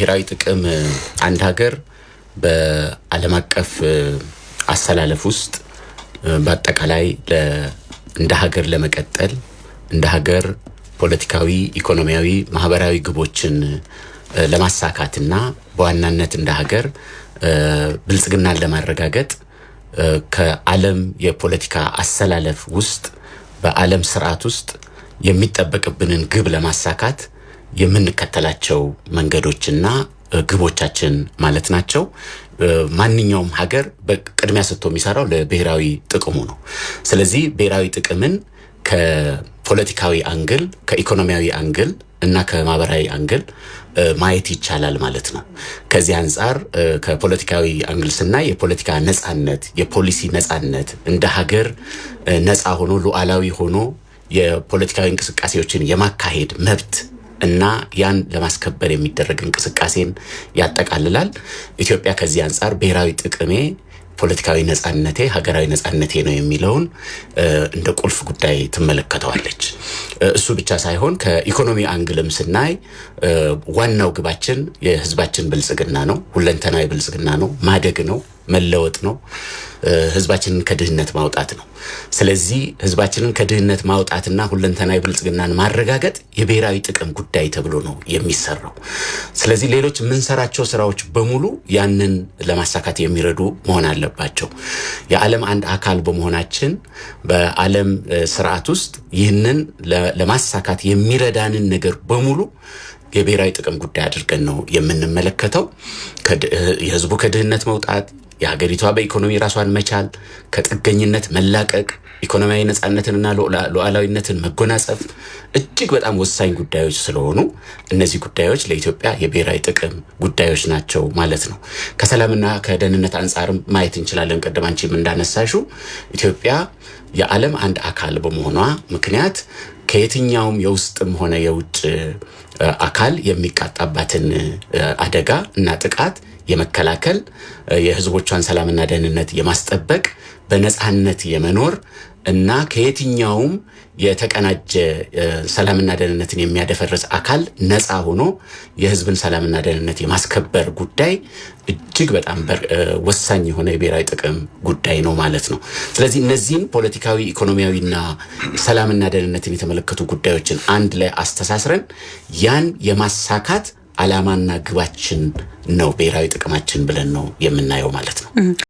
ብሔራዊ ጥቅም አንድ ሀገር በዓለም አቀፍ አሰላለፍ ውስጥ በአጠቃላይ እንደ ሀገር ለመቀጠል እንደ ሀገር ፖለቲካዊ፣ ኢኮኖሚያዊ፣ ማህበራዊ ግቦችን ለማሳካትና በዋናነት እንደ ሀገር ብልጽግናን ለማረጋገጥ ከዓለም የፖለቲካ አሰላለፍ ውስጥ በዓለም ስርዓት ውስጥ የሚጠበቅብንን ግብ ለማሳካት የምንከተላቸው መንገዶችና ግቦቻችን ማለት ናቸው። ማንኛውም ሀገር ቅድሚያ ሰጥቶ የሚሰራው ለብሔራዊ ጥቅሙ ነው። ስለዚህ ብሔራዊ ጥቅምን ከፖለቲካዊ አንግል፣ ከኢኮኖሚያዊ አንግል እና ከማህበራዊ አንግል ማየት ይቻላል ማለት ነው። ከዚህ አንጻር ከፖለቲካዊ አንግል ስናይ የፖለቲካ ነፃነት፣ የፖሊሲ ነፃነት እንደ ሀገር ነፃ ሆኖ ሉዓላዊ ሆኖ የፖለቲካዊ እንቅስቃሴዎችን የማካሄድ መብት እና ያን ለማስከበር የሚደረግ እንቅስቃሴን ያጠቃልላል። ኢትዮጵያ ከዚህ አንጻር ብሔራዊ ጥቅሜ ፖለቲካዊ ነጻነቴ፣ ሀገራዊ ነጻነቴ ነው የሚለውን እንደ ቁልፍ ጉዳይ ትመለከተዋለች። እሱ ብቻ ሳይሆን ከኢኮኖሚ አንግልም ስናይ ዋናው ግባችን የሕዝባችን ብልጽግና ነው፣ ሁለንተናዊ ብልጽግና ነው፣ ማደግ ነው፣ መለወጥ ነው። ህዝባችንን ከድህነት ማውጣት ነው። ስለዚህ ህዝባችንን ከድህነት ማውጣትና ሁለንተናዊ ብልጽግናን ማረጋገጥ የብሔራዊ ጥቅም ጉዳይ ተብሎ ነው የሚሰራው። ስለዚህ ሌሎች የምንሰራቸው ስራዎች በሙሉ ያንን ለማሳካት የሚረዱ መሆን አለባቸው። የዓለም አንድ አካል በመሆናችን በዓለም ስርዓት ውስጥ ይህንን ለማሳካት የሚረዳንን ነገር በሙሉ የብሔራዊ ጥቅም ጉዳይ አድርገን ነው የምንመለከተው። የህዝቡ ከድህነት መውጣት የሀገሪቷ በኢኮኖሚ ራሷን መቻል፣ ከጥገኝነት መላቀቅ፣ ኢኮኖሚያዊ ነፃነትንና ሉዓላዊነትን መጎናጸፍ እጅግ በጣም ወሳኝ ጉዳዮች ስለሆኑ እነዚህ ጉዳዮች ለኢትዮጵያ የብሔራዊ ጥቅም ጉዳዮች ናቸው ማለት ነው። ከሰላምና ከደህንነት አንጻርም ማየት እንችላለን። ቀደም አንቺም እንዳነሳሹ ኢትዮጵያ የዓለም አንድ አካል በመሆኗ ምክንያት ከየትኛውም የውስጥም ሆነ የውጭ አካል የሚቃጣባትን አደጋ እና ጥቃት የመከላከል የህዝቦቿን ሰላምና ደህንነት የማስጠበቅ በነፃነት የመኖር እና ከየትኛውም የተቀናጀ ሰላምና ደህንነትን የሚያደፈርስ አካል ነፃ ሆኖ የህዝብን ሰላምና ደህንነት የማስከበር ጉዳይ እጅግ በጣም ወሳኝ የሆነ የብሔራዊ ጥቅም ጉዳይ ነው ማለት ነው። ስለዚህ እነዚህን ፖለቲካዊ፣ ኢኮኖሚያዊና ሰላምና ደህንነትን የተመለከቱ ጉዳዮችን አንድ ላይ አስተሳስረን ያን የማሳካት ዓላማና ግባችን ነው ብሔራዊ ጥቅማችን ብለን ነው የምናየው ማለት ነው።